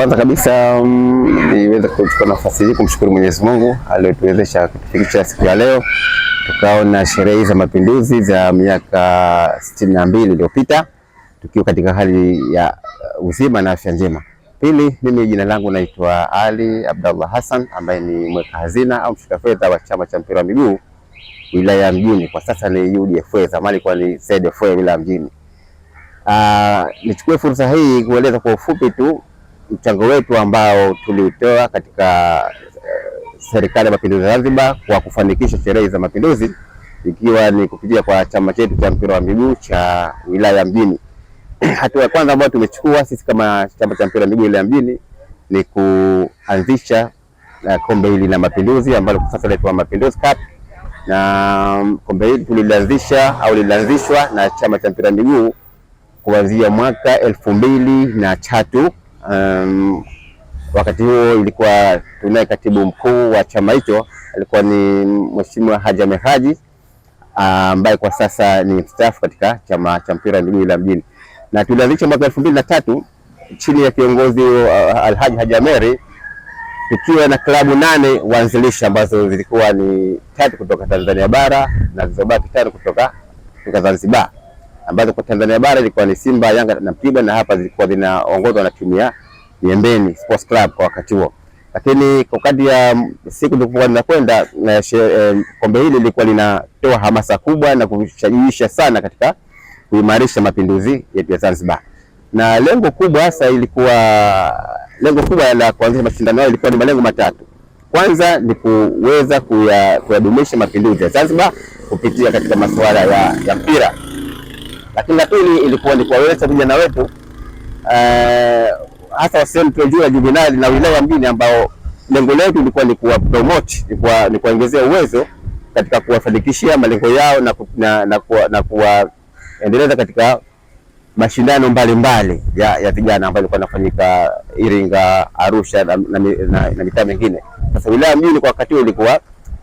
Kwanza kabisa mm, niweze um, kuchukua nafasi hii kumshukuru Mwenyezi Mungu aliyotuwezesha kufikia siku ya leo tukao na sherehe za mapinduzi za miaka sitini na mbili iliyopita tukiwa katika hali ya uzima na afya njema. Pili, mimi jina langu naitwa Ali Abdallah Hassan ambaye ni mweka hazina au mshika fedha wa chama cha mpira wa miguu wilaya mjini, kwa sasa ni UDFA, zamani ilikuwa ni ZFA wilaya mjini. Uh, nichukue fursa hii kueleza kwa ufupi tu mchango wetu ambao tuliutoa katika uh, serikali ya mapinduzi Zanzibar kwa kufanikisha sherehe za mapinduzi, ikiwa ni kupitia kwa chama chetu cha mpira wa miguu cha wilaya mjini. Hatua ya kwanza ambayo tumechukua sisi kama chama cha mpira wa miguu wilaya mjini ni kuanzisha uh, kombe hili la mapinduzi ambalo kwa sasa linaitwa Mapinduzi Cup, na mm, kombe hili tulilianzisha au lilianzishwa na chama cha mpira wa miguu kuanzia mwaka elfu mbili na tatu Um, wakati huo ilikuwa tunaye katibu mkuu wa chama hicho alikuwa ni Mheshimiwa Haji Ahmed Haji ambaye kwa sasa ni mstaafu katika chama cha mpira miguu la mjini, na tulianzisha mwaka elfu mbili na tatu chini ya kiongozi uh, Alhaji Haji Ahmed tukiwa na klabu nane waanzilishi ambazo zilikuwa ni tatu kutoka Tanzania bara na zilizobaki tano kutoka, kutoka Zanzibar ambazo kwa Tanzania bara ilikuwa ni Simba, Yanga na Mtibwa, na hapa zilikuwa zinaongozwa na timu ya Miembeni Sports Club kwa wakati huo. Lakini kwa kadri ya siku zilizokuwa zinakwenda na eh, eh, kombe hili lilikuwa linatoa hamasa kubwa na kushajiisha sana katika kuimarisha mapinduzi yetu ya Zanzibar, na lengo kubwa hasa ilikuwa lengo kubwa la kuanzisha mashindano hayo ilikuwa ni malengo matatu. Kwanza ni kuweza kuyadumisha mapinduzi ya Zanzibar kupitia katika masuala ya, ya mpira lakini la pili ilikuwa ni kuwawezesha vijana wetu eh, hasa wa sehemu tuliojuu ya juvenile na wilaya mjini, ambao lengo letu ilikuwa ni kuwa promote, ni kuwaongezea uwezo katika kuwafanikishia malengo yao na, na, na, na kuwaendeleza katika mashindano mbalimbali ya, ya vijana ambayo ilikuwa inafanyika Iringa, Arusha na, na, na, na mitaa mingine. Sasa wilaya mjini kwa wakati huo ilikuwa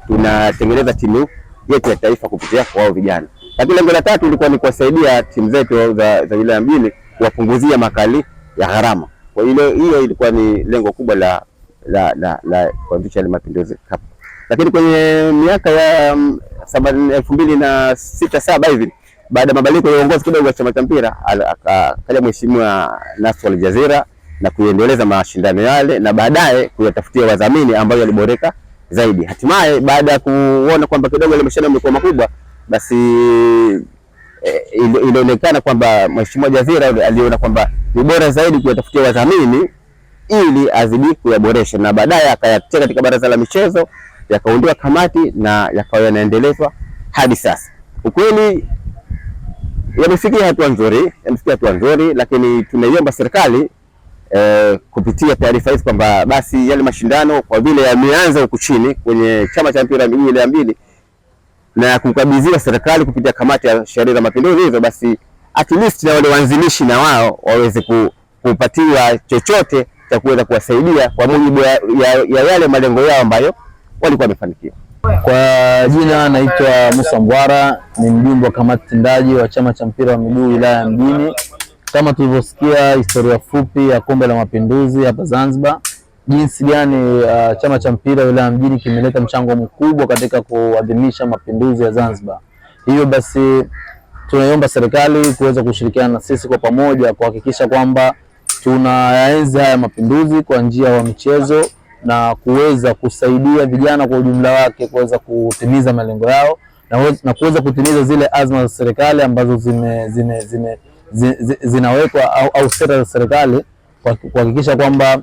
tunatengeneza timu yetu ya taifa kupitia kwa wao vijana. Lakini lengo la tatu lilikuwa ni kuwasaidia timu zetu za, za wilaya mbili kuwapunguzia makali ya gharama. Kwa hiyo hiyo ilikuwa ni lengo kubwa la la la, la kuanzisha ile Mapinduzi Cup. Lakini kwenye miaka ya um, elfu mbili na sita saba hivi baada ya mabadiliko ya uongozi kidogo wa chama cha mpira akaja Mheshimiwa Nasr Aljazira na kuendeleza mashindano yale na baadaye kuyatafutia wadhamini ambayo yaliboreka zaidi. Hatimaye baada ya kuona kwamba kidogo ile mashindano yamekuwa makubwa basi eh, ilionekana kwamba Mheshimiwa Jazira aliona kwamba ni bora zaidi kuyatafutia wadhamini ili azidi kuyaboresha, na baadaye akayatia katika baraza la michezo, yakaundwa kamati na yakawa yanaendelezwa hadi sasa. Ukweli yamefikia hatua nzuri, yamefikia hatua nzuri, lakini tunaiomba serikali e, kupitia taarifa hizi kwamba basi yale mashindano kwa vile yameanza huku chini kwenye chama cha mpira wa miguu ile ya mbili na kukabidhiwa serikali kupitia kamati ya sheria za mapinduzi hizo, basi at least na wale wanzilishi na wao waweze kupatiwa chochote cha kuweza kuwasaidia kwa mujibu ya, ya, ya yale malengo yao ambayo walikuwa wamefanikiwa. Kwa jina naitwa Musa Mbwara, ni mjumbe wa kamati tendaji wa chama cha mpira wa miguu wilaya ya Mjini. Kama tulivyosikia historia fupi ya kombe la mapinduzi hapa Zanzibar jinsi gani uh, chama cha mpira wilaya mjini kimeleta mchango mkubwa katika kuadhimisha mapinduzi ya Zanzibar. Hivyo basi tunaiomba serikali kuweza kushirikiana na sisi kwa pamoja kuhakikisha kwamba tunayaenzi haya mapinduzi kwa njia ya michezo na kuweza kusaidia vijana kwa ujumla wake kuweza kutimiza malengo yao na, na kuweza kutimiza zile azma za serikali ambazo zime, zime, zime, zi, zi, zinawekwa au, au sera za serikali kuhakikisha kwamba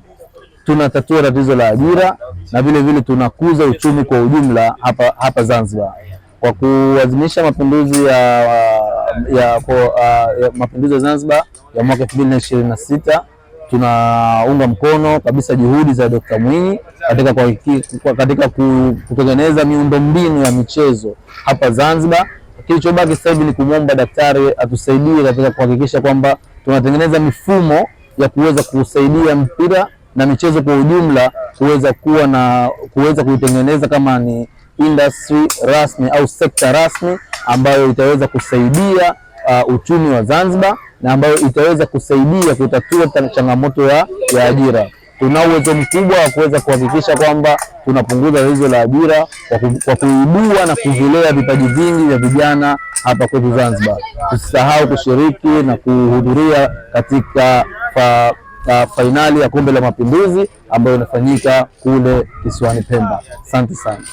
tunatatua tatizo la ajira na vile vile tunakuza uchumi kwa ujumla hapa, hapa Zanzibar kwa kuadhimisha mapinduzi ya, ya, ya mapinduzi ya Zanzibar ya mwaka 2026 tunaunga mkono kabisa juhudi za Dr. Mwinyi katika, kwa, katika kutengeneza miundombinu ya michezo hapa Zanzibar. Kilichobaki sasa hivi ni kumwomba daktari atusaidie katika kuhakikisha kwamba tunatengeneza mifumo ya kuweza kusaidia mpira na michezo kwa ujumla kuweza kuwa na kuweza kuitengeneza kama ni industry rasmi au sekta rasmi ambayo itaweza kusaidia uh, uchumi wa Zanzibar na ambayo itaweza kusaidia kutatua changamoto ya, ya ajira. Tuna uwezo mkubwa wa kuweza kuhakikisha kwamba tunapunguza tatizo la ajira kwa kuibua na kuvilea vipaji vingi vya vijana hapa kwetu Zanzibar. Tusisahau kushiriki na kuhudhuria katika uh, uh, fainali ya Kombe la Mapinduzi ambayo inafanyika kule kisiwani Pemba. Asante sana.